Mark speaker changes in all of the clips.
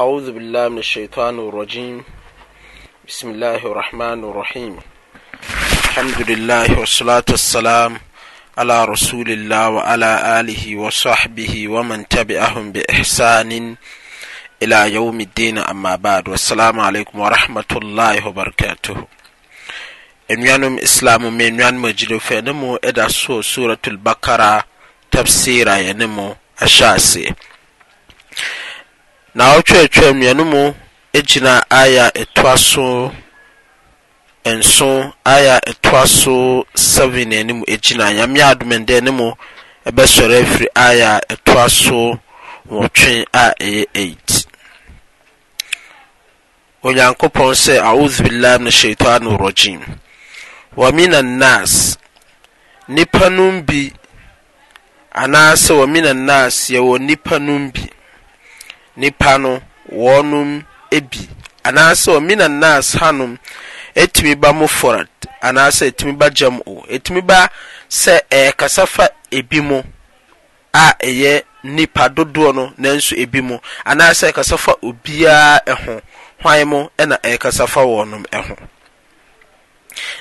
Speaker 1: أعوذ بالله من الشيطان الرجيم بسم الله الرحمن الرحيم الحمد لله والصلاة والسلام على رسول الله وعلى آله وصحبه ومن تبعهم بإحسان إلى يوم الدين أما بعد والسلام عليكم ورحمة الله وبركاته nnuanom islam من nnuanom agyilefo ɛne إدى سورة البقرة suratul ينمو أشاسي na ɔtwerɛtwerɛ mmienu mu gyina aya ɛtoa so nson aya ɛtoa so seven anim gyina nyame adomɛnda anim ɛbɛsɔre afiri aya ɛtoa so wɔtwe a ɛyɛ eight onyankopɔn sɛ a'udhu billahi min shaitan rajim wa minan nas nipa nom bi anaasɛ wa minan nas yɛwɔ nipa nom bi nipa no wɔnom ebi anaasɛ na nnaas hanom etumi ba muforat anaasɛ etumi ba gyam o etumi ba sɛ ɛɛkasa fa ebi mu a ɛyɛ nipa dodoɔ no nanso ebi mu anaasɛ ɛkasa fa obiara ɛho hwan mu ɛna ɛɛkasa fa wɔnom ɛho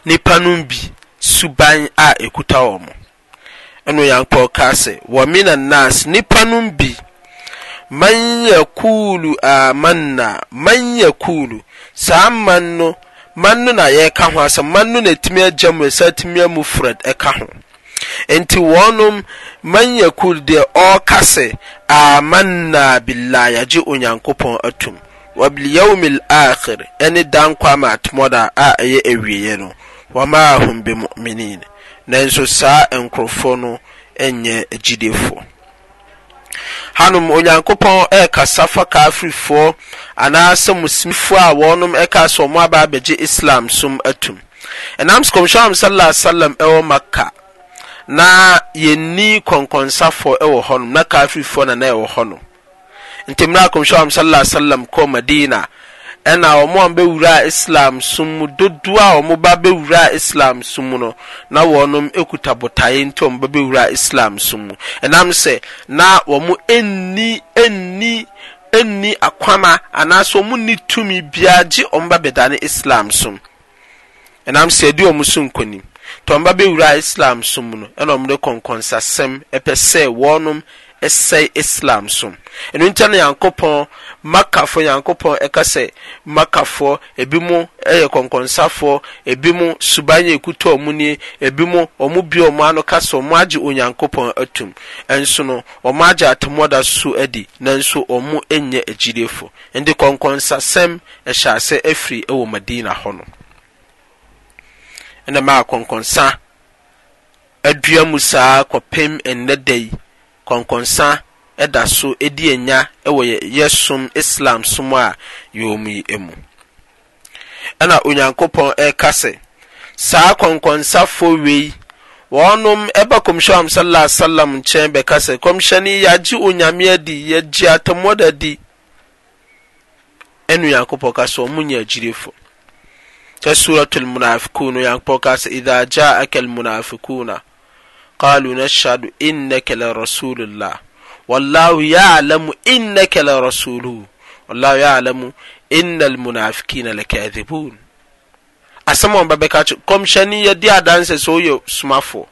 Speaker 1: nipa nom bi suban a ekuta wɔn ɛnu yankpɔ kaa sɛ wɔmina nnaas nipa nom bi. nyakul saa ma nn ma nno na yɛ ɛka ho asa ma nno na timi jame sa timia mofred ɛka ho ntiwɔɔnom man yakulu de ɔkasɛ amanna bila yage onyaankopɔn atom wablyaum laher ne dankwamatmɔda a ɛyɛ ɛwieno wamaahum bi mu'minin nanso saa nkrɔfono nyɛ jyidef hanom onyankopɔn ɛrekasa fa kafirifoɔ anaasɛ musimfoɔ a wɔnom ɛka sɛ wɔn aba abɛgye islam som atum ɛnam sikɔmhyɛn sallallahu alaihi wasallam ɛwɔ maka na yɛnni kɔnkɔnsafoɔ ɛwɔ hɔnom na kafirifoɔ na na ɛwɔ hɔnom ntemira kɔmhyɛn sallallahu alaihi wasallam kɔ madina ɛna wɔn a bɛwura islam som mu dodoɔ a wɔn ba bɛwura islam som mu no na wɔn kuta botaeɛ nti wɔn ba bɛwura islam som mu ɛnam sɛ na wɔn nni nni nni akwana anaasɛ wɔn ni tumi biara gye wɔn ba bɛdane islam som ɛnam sɛ ɛdi wɔn so nkonim tɔn ba bɛwura islam som mu no ɛna wɔn de kɔnkɔnsasɛm ɛpɛ sɛ wɔn. ɛsɛe islam so ɛno nti no nyankopɔn makafoɔ nyankopɔn ɛka sɛ makafoɔ ebi mu ɛyɛ kɔnkɔnsafoɔ ebi mu suban yɛ kuta ɔmo nie ebi mu ɔmo bi ɔmo ano kasa sɛ ɔmo agye onyankopɔn atum ɛnso no ɔmo agye atemɔda so adi nanso ɔmo nyɛ agyidefo nti kɔnkɔnsasɛm ɛhyɛ asɛ afiri ɛwɔ madina hɔ no ɛna maa kɔnkɔnsa adua mu saa kɔpem ɛnnɛ da yi kɔnkɔnsa da so di anya wɔ yɛ islam som a yɛwɔ mu yi mu ɛna onyankopɔn ɛreka sɛ saa kɔnkɔnsafoɔ wei wɔnom ɛba kɔmhyɛ am sallallahu alaihi wasallam nkyɛn bɛka sɛ kɔmhyɛ no yɛagye onyame adi yɛgye atammoda adi ɛne onyankopɔn ka sɛ ɔmo nyɛ agyirefoɔ sɛ suratul munafikun onyankopɔn ka sɛ idha ja'aka almunafikuna قالوا نشهد إنك لرسول الله والله يعلم إنك لرسوله والله يعلم إن المنافقين لكاذبون asɛm wɔn bɛbɛka kyerɛ kɔmhyɛni yɛ di adanse sɛ ɔyɛ somafo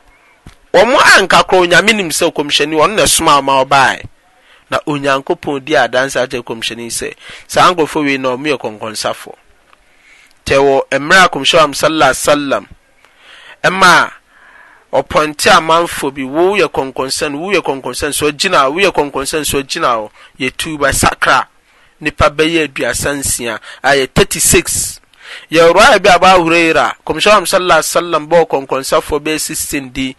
Speaker 1: wɔn anka korɔ onyame nim sɛ kɔmhyɛni wɔn na soma ama ɔbaae na onyankopɔn di adanse akyerɛ kɔmhyɛni sɛ saa nkurɔfoɔ wei na wɔn yɛ kɔnkɔnsafo tɛwɔ mmerɛ a kɔmhyɛn wa sallam ɛmaa ɔpɔnte amanfo bi wo yɛ kɔnkɔnsɛn wo yɛ kɔnkɔnsɛn so gyina wo yɛ kɔnkɔnsɛn so gyina hɔ yɛ tuba sakra nipa bɛyɛ aduasa nsia a yɛ thirty six yɛ ruwa bi aba ahurera kɔmhyɛn sallallahu alaihi wasallam bɔɔ kɔnkɔnsafo bɛyɛ sixteen di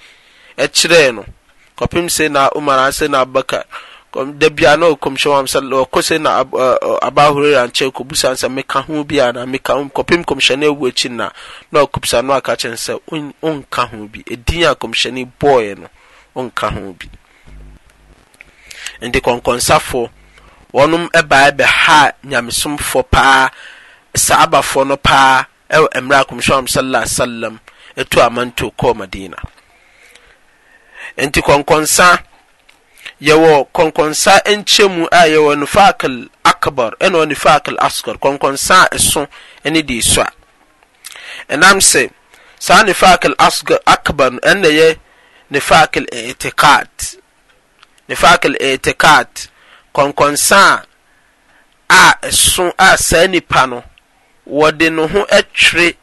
Speaker 1: ɛkyerɛ no kɔpem sɛ na umar ase na abubakar da bia na ɔkɔmhyɛ wam sɛ ɔkɔ sɛ na aba horera nkyɛ kɔbusa sɛ meka ho bi ana meka ho kɔpem kɔmhyɛne awu akyi na na ɔkɔbusa no aka kyɛn sɛ ɔnka ho bi ɛdin a kɔmhyɛne bɔɔɛ no ɔnka ho bi nti kɔnkɔnsafoɔ wɔnom ɛbaa bɛha nyamesomfoɔ paa saabafoɔ no paa ɛwɔ mmerɛ a kɔmhyɛ wam sallallahu alaihi wasallam ɛtu amanto kɔɔ madina nti kɔnkɔnsa yɛwɔ kɔnkɔnsa nkyɛmu a yɛwɔ nefacle akbar ɛnɛ wɔ nifacle ascor kɔnkɔnsa a ɛso ne dii su a ɛnam sɛ saa nefakle akbar no ɛn nɛ yɛ neakl tica t nefacele erticart kɔnkɔnsaa a ɛso a saa nnipa no wɔde ne ho twere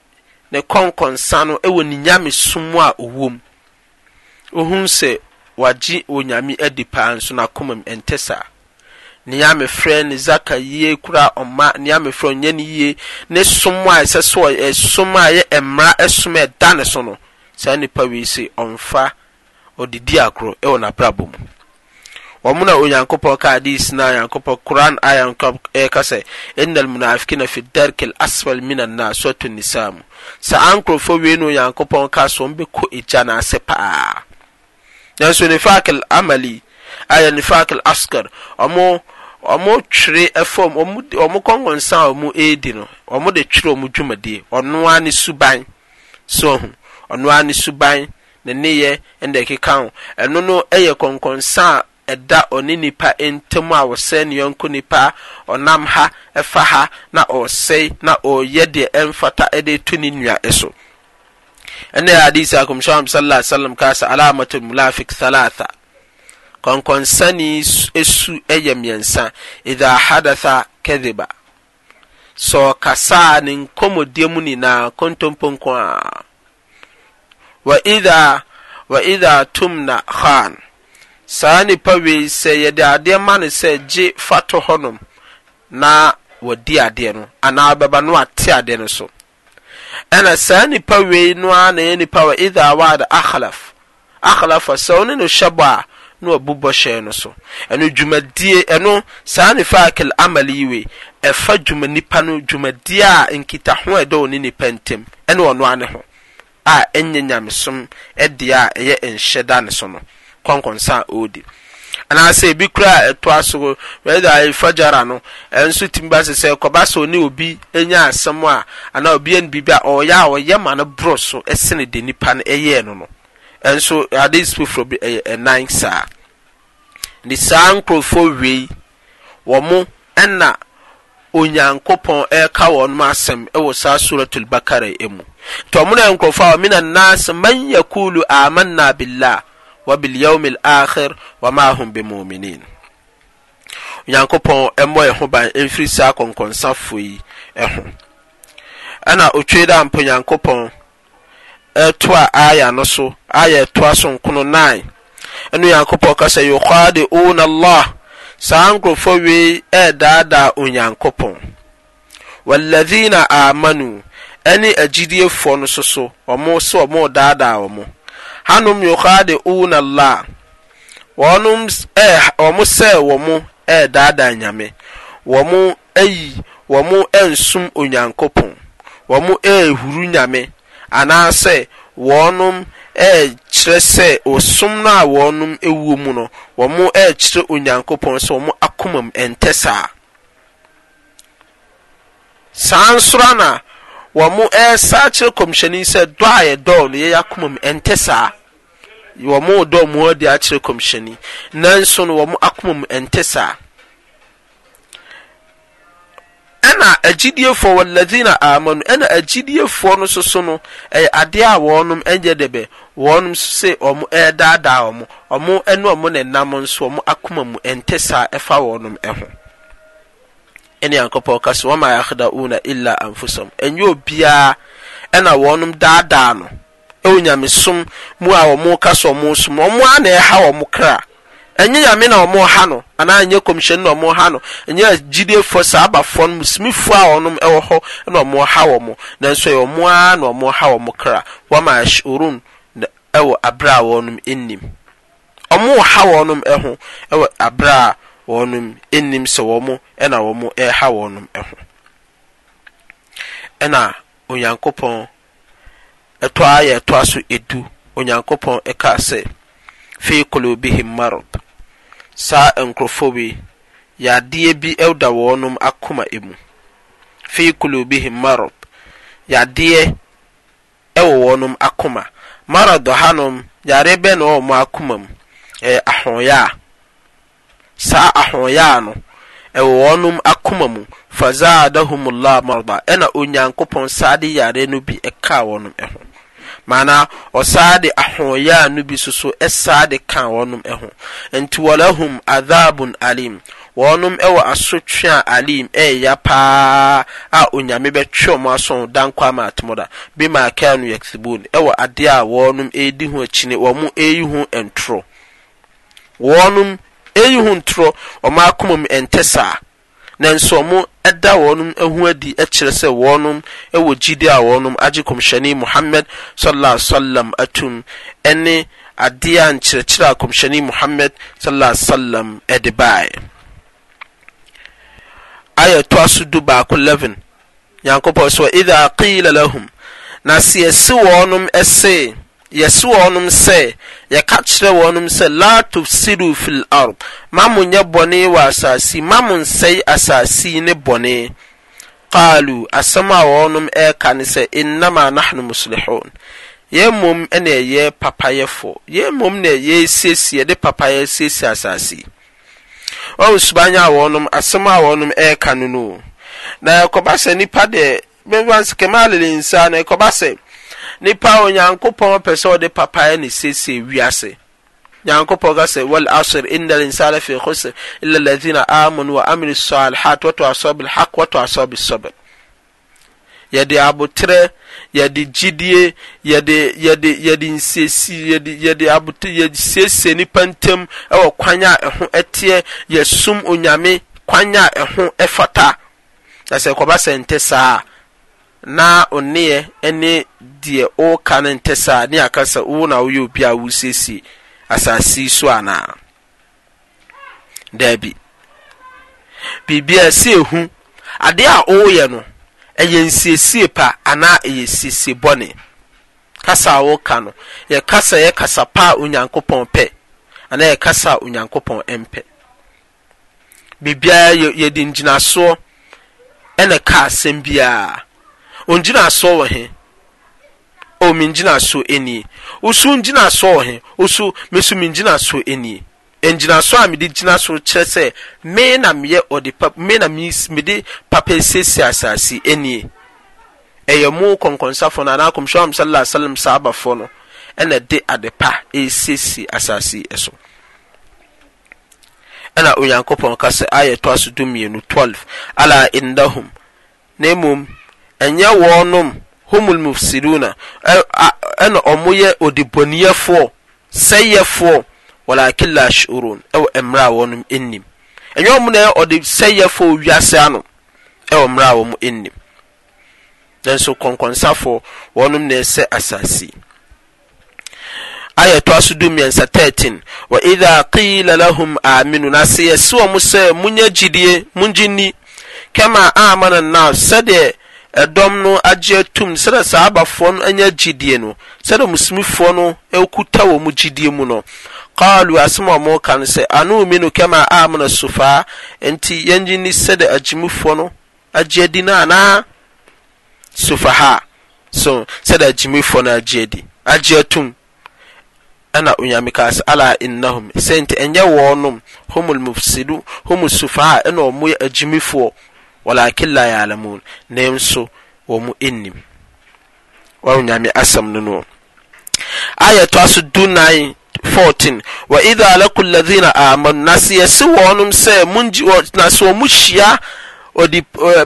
Speaker 1: ne kɔnkɔnsa no ɛwɔ ninnyame so mu a owom ohu sɛ wagye onyame adi paa nso n'akoma mu ɛnte saa nea mefrɛ ne zaka yie kura ɔma nea mefrɛ ɔnyɛ ne yie ne som a ɛsɛ so ɛsom a ɛyɛ mmara ɛsom a ɛda ne so no saa nipa wei se ɔmfa ɔdidi agorɔ ɛwɔ n'abrabɔ mu wɔn na onyankopɔn ka na onyankopɔn koran a yɛka sɛ ɛnal munafikina fi darkil asfal minan na sɔto nisaa mu saa ankorɔfo wei na onyankopɔn ka so wɔn bɛkɔ egya n'ase paa nanso nifak amali ayɛ nifak askar ɔmo ɔmo twere ɛfam ɔmo ɔmo kɔnkɔnsa a ɔmo edi no ɔmo de twere ɔmo dwumadie ɔnoa ne suban so ho ɔnoa ne suban ne neyɛ ɛna ɛkeka ho ɛno no ɛyɛ kɔnkɔnsa a ɛda ɔne nipa ntam a wɔsɛ ne yɔnko nipa ɔnam ha ɛfa ha na ɔsɛe na ɔyɛ deɛ ɛmfata ɛde to ne nua ɛso nnɛ hadisi acɔmshuam salala salam kaasɛ alamato al monafic 3alatha kɔnkɔnsanisu ɛyam yɛnsa idha hadatha kadhiba sɔɔ kasaa nenkɔmɔ diamu ninaa kɔntomponkɔa a wa ida tomna haan saanepa weii sɛ yɛde adeɛma ne sɛ gye fa tɔ hɔ nom na wa di adeɛ no anaa bɛba no ate adeɛ no so ɛna saa nipa wei no ara na yɛ nipa wɔ idha wada akhlaf akhalaf sɛ ne no hyɛ bɔ a na wabobɔ hyɛn no so ɛno dwumadie ɛno saa nifa akil amal yi wei ɛfa dwuma nipa no dwumadie a nkitaho a ɛdɔ wɔ ne nipa ntam ɛne wɔ noa ne ho a ɛnyɛ nyamesom ɛdeɛ a ɛyɛ nhyɛ ne so no kɔnkɔnsa a ɔredi anaasɛ ebi kura ɛtoa so wɛda ɛfagyara no ɛnso tumi ba sɛ sɛ kɔba sɛ ɔne obi enya asɛm a anaa obi ɛn biribi a ɔyɛ a ɔyɛ ma no borɔ so ɛsene de nipa no ɛyɛɛ no no ɛnso adees foforɔ bi ɛyɛ ɛnan saa ne saa nkurɔfoɔ wei wɔn ɛna onyankopɔn ɛreka wɔn asɛm ɛwɔ saa suratul bakara mu nti wɔn na nkurɔfoɔ a wɔn na naas man yakulu amanna billah wabilyawmil akhir wama hum bimuminin nyankopɔn ɛmmɔ ɛho ban ɛmfiri saa kɔnkɔnsafo yi ɛho ɛna otwe da mpo nyankopɔn ɛtoa aya no so aya ɛtoa so nkono 9 ɛno nyankopɔn kasa yukhadi'una allah saa nkurɔfoɔ wei ɛɛdaadaa onyankopɔn walladhina amanu ɛne agyidiefoɔ no so so ɔmo sɛ ɔmo daadaa ɔmo hanom yohane una wɔnom ɛɛ wɔn sɛ wɔn ɛɛdaadaa nyame wɔn ayi eh, wɔn ɛnsum eh, onyankopɔn wɔn ɛɛhuru eh, nyame anaasɛ wɔnom ɛɛkyerɛ sɛ osom no a wɔnom ɛwɔ mu no wɔn ɛɛkyerɛ onyankopɔn sɛ wɔn akoma mu ɛntɛ saa saa na wɔn ɛɛsa sɛ dɔ a no yɛyɛ akoma mu saa wɔn dɔ wɔn de akyerɛ kɔmhyɛni nanso no wɔn akoma mu ɛnte saa ɛna agyidiefoɔ wɔladina amanu ɛna agyidiefoɔ no soso no ɛyɛ adeɛ a wɔnom ɛnyɛ dɛbɛ wɔnom se wɔn ɛredaadaa wɔn wɔn ɛne wɔn nenam nso wɔn akoma mu ɛnte saa ɛfa wɔnom ɛho ɛne yankɔpɔ ɔka so wɔn a yɛahoda una illa anfusam ɛnyɛ obiara ɛna wɔnom daadaa no. ɛwɔ nyamesom mu a wɔn ka so wɔn som wɔn a na ɛha kra ɛnyɛ nyame na wɔn ha no anaa ɛnyɛ kɔmhyɛn na wɔn ha no ɛnyɛ agyidefoɔ saa abafoɔ a wɔn ɛwɔ hɔ na wɔn ha wɔn nanso ɛyɛ wɔn na wɔn ha wɔn kra wɔn a ɛwɔ a ha wɔn ho ɛwɔ a wɔn sɛ wɔn ɛna wɔn ɛha wɔn ɛtɔ a yɛ ɛtɔ a so edu onyankopɔn ɛka sɛ fii kolobihim marob saa nkurɔfoɔ bi yadeɛ bi ɛda wɔn akoma emu fii kolobihim marad yadeɛ ɛwɔ wɔn akoma marad hanom yare bɛ na wɔn akoma mu ɛyɛ ahoyaa saa ahoyaa no ɛwɔ wɔn akoma mu fa zaada hum llah marda ɛna onyaankopɔn saade yare nobi ka wɔnom ɛhu maana ɔsaade ahuya no bi soso ɛsaade ka wɔnom ɛhu ɛntiwalahum adhabun alim wɔnom ɛwɔ asotea alim ɛya paa a onyame bɛ tɛm a sɔo dankwaamaatmuda bimaakɛno yakxibun ɛwɔ adea wɔɔnom ɛdi h cin wm ɛyi h ntr ɔnom yi h ntor ɔma akommntsa nanso ɔmo ɛda wɔnom ɛho adi ɛkyerɛ sɛ wɔnom ɛwɔ gyidi a wɔnom agye kɔmhyɛne muhammad sallallahu alaihi wasallam atum ɛne adeɛ a nkyerɛkyerɛ a kɔmhyɛne muhammad sallallahu alaihi wasallam ɛde baeɛ ayɛ toa so du baako 11 nyankopɔn sɛ idha qila lahum na sɛ yɛse wɔnom ɛse yɛse wɔnom sɛ yɛka kyerɛ wɔnom sɛ la tufsidu fil ard ma mo nyɛ bɔne wɔ asase ma mo nsɛe asase ne bɔne qalu asɛm a wɔnom ɛɛka ne sɛ innama nahnu muslihun yɛn mmom na ɛyɛ papayɛfo yɛn mmom na ɛyɛ siesie de papayɛ siesie asase ɔwɔ subanya a wɔnom asɛm a wɔnom ɛɛka no no na ɛkɔba sɛ nipa deɛ mɛba sɛ kɛmɛ alele nsa na ɛkɔba sɛ nipa a onyankopɔn pɛ sɛ ɔde papaeɛ ne siesie wiase nyankopɔn ka sɛ wal asr inna linsana fi khusr illa alladhina amanu wa amilu salihat wa tawasaw bil haqq wa tawasaw bis sabr yɛde abotrɛ yɛde gyidie yɛde yɛde yɛde nsiesi yɛde yɛde abotrɛ yɛde siesie nipa ntam ɛwɔ kwan a ɛho ɛteɛ yɛsum onyame kwan a ɛho ɛfata na sɛ kɔba sɛ nte saa na onneɛ ne deɛ ɔreka no nte saa ne aka sɛ wo na woyɛ obi a wosiesie asase yi so anaa daabi biribia ɛsɛ ehu adeɛ a ɔreyɛ no ɛyɛ nsiesie pa anaa ɛyɛ siesie bɔne kasa a ka no yɛ kasa yɛ kasa pa a onyankopɔn pɛ anaa yɛ kasa a onyankopɔn mpɛ yɛ yɛde ngyinasoɔ ɛna ka asɛm biara ongyina asɔ wɔ he o mengyina asɔ nie wosu ngyina asɔ wɔ he wosu mesu mengyina asɔ nie ngyina asɔ a mede gyina so kyerɛ sɛ me na meyɛ ɔde pap me na mede papa siesie asase nie ɛyɛ mu kɔnkɔnsafo no anaa kɔmhyɛ wam sala salam saa abafoɔ no ɛna de ade pa ɛsiesie asase ɛso ɛna onyankopɔn ka sɛ ayɛ to so du mmienu 12 ala indahum na mmom ɛnyɛ wɔnom humul mufsiduna ɛna e, ɔmo yɛ odibɔniyɛfoɔ sɛyɛfoɔ walakin la ashurun ɛwɔ e, mmerɛ a wɔnom nnim ɛnyɛ ɔmo na yɛ ɔde sɛyɛfoɔ wiase ano ɛwɔ e, mmerɛ a wɔn nnim nanso kɔnkɔnsafoɔ wɔnom na ɛsɛ asase ayɛ toa so du mmiɛnsa 13 wa idha qila lahum aminu na sɛ yɛse wɔ mo sɛ munya gyidie mungye nni kama amana nas sɛdeɛ ɛdɔm no agyeatum sɛda saabafuɔ no anya gyidieno sɛdɛ musimi fuɔ no kutawɔ mu gyidie mu nɔ kal asm mɔ kan sɛ anomi no kama amna sufaa nti yayine sɛde ayimi fuɔ no agyadi nana sufaasɛd gyimi fuɔnimɛninmɛyɛ wɔnm sfaa ɛnamu agyimi fuɔ walakin la ya'lamun nanso wɔn nnim wɔn nyame asɛm no no ayɛ to aso du 14 wa idha lakul ladhina amanu na sɛ yɛse wɔnom sɛ mungye na sɛ wɔn hyia odi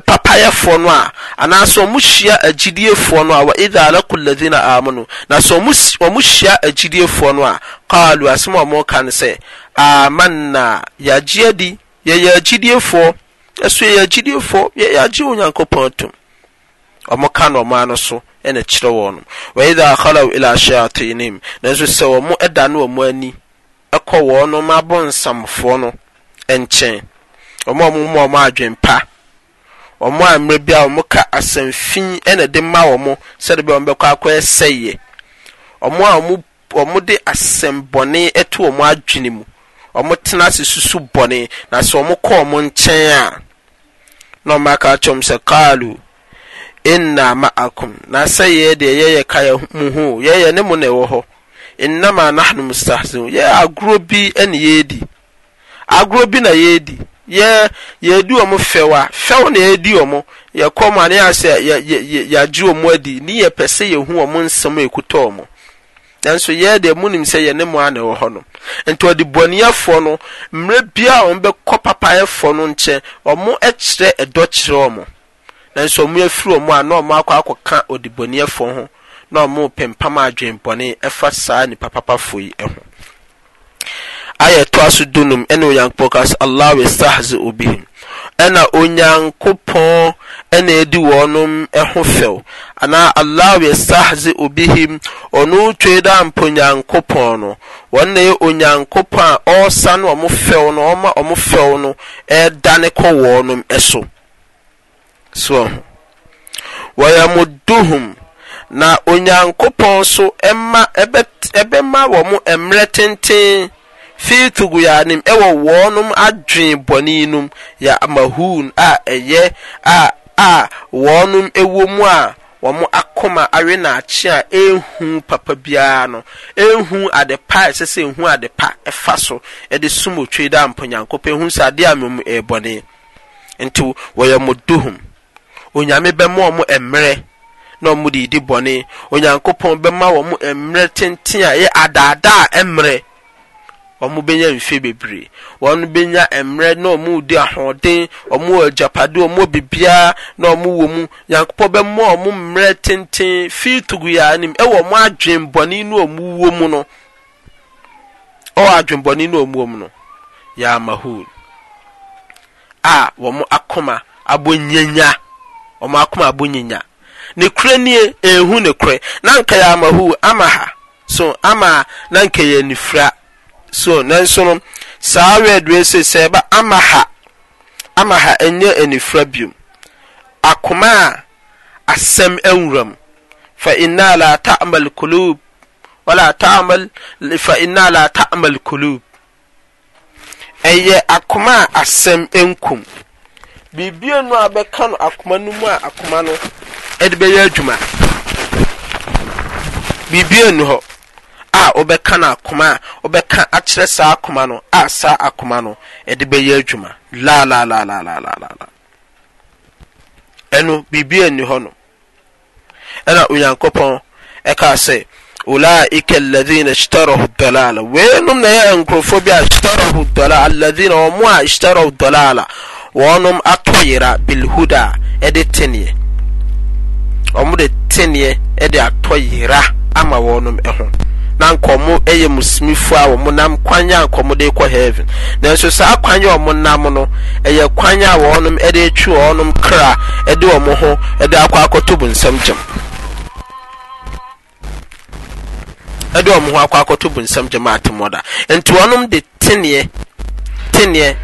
Speaker 1: papayɛfoɔ no a anaasɛ wɔn hyia agyidiefoɔ no a wa idha lakul ladhina amanu na sɛ wɔn hyia agyidiefoɔ no a qalu asɛm a wɔn ka no sɛ amanna yɛagye adi yɛyɛ agyidiefoɔ ɛso yɛyɛ yɛyɛ agye onyankopɔn ɔmo ka na ɔmo ano so ɛna kyerɛ wɔn no wɔyɛdɛ akɔlaw ila ahyɛatoinim nanso sɛ wɔn ɛda no wɔn ani ɛkɔ wɔn mo abɔnsamfoɔ no nkyɛn wɔn a mu wɔn adwen pa wɔn a mmerɛ bi a wɔn ka asɛm ɛna de ma wɔn sɛde bɛ wɔn bɛkɔ a wɔn de ɛto adwene mu na sɛ kɔ na ɔmo aka akyɛm sɛ kaalu inna ma'akum na sɛ yɛ deɛ yɛyɛ ka yɛ mu ho yɛyɛ ne mu na ɛwɔ hɔ innama nahnu mustahzin yɛ agorɔ bi ɛna yɛredi agorɔ bi na yɛredi yɛ yɛdi wɔn fɛw a fɛw na yɛdi wɔn yɛkɔ mu a ne yɛ asɛ yɛ yɛ yɛagye wɔn adi ne yɛ pɛ sɛ yɛhu wɔn nsɛm a ekutɔ wɔn. nanso yɛ deɛ munim sɛ yɛ ne mu ana ɛwɔ hɔ no nti ɔde bɔneɛfoɔ no mmerɛ a wɔn bɛkɔ papaɛfoɔ no nkyɛn wɔn ɛkyerɛ ɛdɔ kyerɛ wɔn nanso wɔn afiri wɔn a na wɔn akɔ akɔka ɔde bɔneɛfoɔ ho na wɔn pempam adwene bɔne ɛfa saa nipa papafoɔ yi ho ayɛ toa so dunum ɛna onyankopɔn kaa sɛ allah wɔ sahze obihim ɛna onyankopɔn ɛna edi wɔnom ɛho fɛw anaa allah yɛsahze obihim ɔno twe dɛ ampa onyankopɔn no wɔn na yɛ onyankopɔn a ɔresane wɔn fɛw no ɔma wɔn fɛw no ɛredane kɔ wɔnom ɛso soɔ duhum na onyankopɔn so ɛma ɛbɛ ɛbɛma wɔn mmerɛ tenten fi tuguyanim ɛwɔ wɔnom adwene bɔne nom yɛ amahun a ɛyɛ a a wɔnom ɛwɔ mu a wɔn akoma awe n'akyi a ehu papa biara no ehu ade pa ɛsɛ sɛ ehu ade pa ɛfa so ɛde sum otwe da mpɔnyankopɔ ehu sɛ adeɛ a mɛmu ɛɛbɔne nti wɔyɛ mo duhum onyame bɛma wɔn mmerɛ na wɔn de di bɔne onyankopɔn bɛma wɔn mmerɛ tenten a ɛyɛ adaadaa mmerɛ. wɔn bɛnya mfe bebree wɔn bɛnya mmerɛ na wɔn redi ahoɔden wɔn wɔ agyapadeɛ wɔn wɔ biribiara na wɔn wɔ mu yankopɔ bɛma wɔn mmerɛ tenten fii tuguya anim ɛwɔ wɔn adwen bɔne na wɔn wɔ mu no ɛwɔ adwen bɔne na wɔn wɔ mu no yamahul a wɔn akoma abɔ nyanya wɔn akoma abɔ nyanya ne kura nie ehu ne kura nanka nka yamahul ama ha so ama nanka nka yɛ nifra. so nanso no saa werɛdua se sɛ ɛba ama ha ama ha ɛnyɛ anifra biom akoma a asɛm awuram fa inna la ta'mal qulub wala ta'mal fa inna la ta'mal qulub ɛyɛ akoma a asɛm nkum biribia no a bɛka no akoma no mu a akoma no ɛde bɛyɛ adwuma biribia nu hɔ a wobɛka no akoma a wobɛka akyerɛ saa akoma no a saa akoma no ɛde bɛyɛ adwuma laalaalaalaalaalala ɛno biribi anni hɔ no ɛna onyankopɔn ɛkaa sɛ ulaika alladhina ishtarahu dalala weenom na yɛ nkurɔfoɔ bi a ishtarahu dalala alladhina wɔn a ishtarahu dalala wɔnom atɔ yera bilhuda ɛde teneɛ wɔn de teneɛ ɛde atɔ yera ama wɔnom ɛho na nkɔmo yɛ musimifo a wɔn nam kwan a nkɔmo de kɔ heaven nanso saa kwan a wɔn nam no yɛ kwan a wɔn de atwi wɔn kra de wɔn ho de akɔ akɔto bunsam gyam de wɔn ho akɔ akɔto bunsam gyam atemɔda nti wɔn de teneɛ teneɛ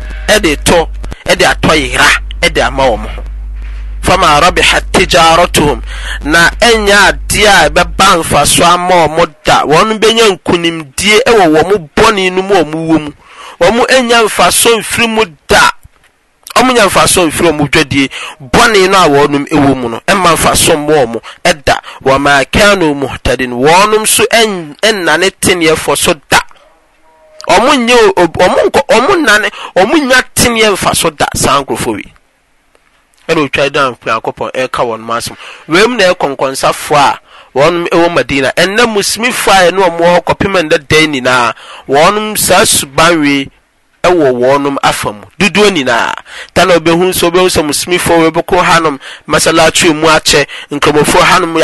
Speaker 1: de to de atɔ yera de ama wɔn ho. fama arabi rabihat tijaratuhum na ɛnyɛ adeɛ a ɛbɛba mfaso ama ɔmo da wɔn bɛnya nkunimdie ɛwɔ boni bɔne no mu ɔmo wɔ mu wɔn ɛnya mfaso mfiri mu da ɔmo nya mfaso mfiri ɔmo dwadie bɔne no a wɔn ɛwɔ mu no ɛma mfaso mbɔ ɔmo ɛda wɔn akɛno muhtadin wɔn nso ɛnane teneɛfo so da ɔmo nye ɔmo nkɔ ɔmo nane ɔmo nya teneɛ mfaso da saa wi ɛna otwa da nyankopɔn ɛka wɔn mu asom wɛm na ɛkɔnkɔnsafoɔ a wɔn ɛwɔ madina ɛnna musumifoɔ a ɛne wɔn wɔ kɔpem ɛnda dan nyinaa wɔn saa suban wei ɛwɔ wɔnom afa mu dodoɔ nyinaa ta na obɛhu sɛ obɛhu sɛ musumifoɔ wɔbɛkɔ hanom masalatwe mu akyɛ nkurɔmɔfoɔ hanom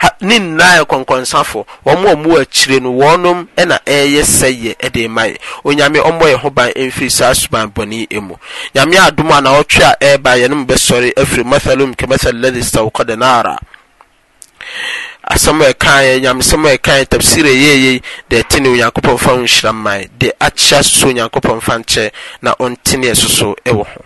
Speaker 1: ha ne nyinaa yɛ kɔnkɔnsafoɔ wɔn a wɔwɔ akyire no wɔnom ɛna ɛyɛ sɛyɛ ɛde ma yɛ onyame ɔmmɔ yɛ ho ban mfiri saa suban bɔne emu nyame adom a na ɔtwe a ɛreba yɛne mu bɛsɔre afiri mathalum kɛmathalladhi stawkada naara asɛm a ɛkaeɛ nyamesɛm a ɛkaeɛ tafsir a ɛyɛyei de ɛte ne onyankopɔn fa nhyira mman de akyɛ so onyankopɔn fa nkyɛ na ɔntene ɛsoso ɛwɔ ho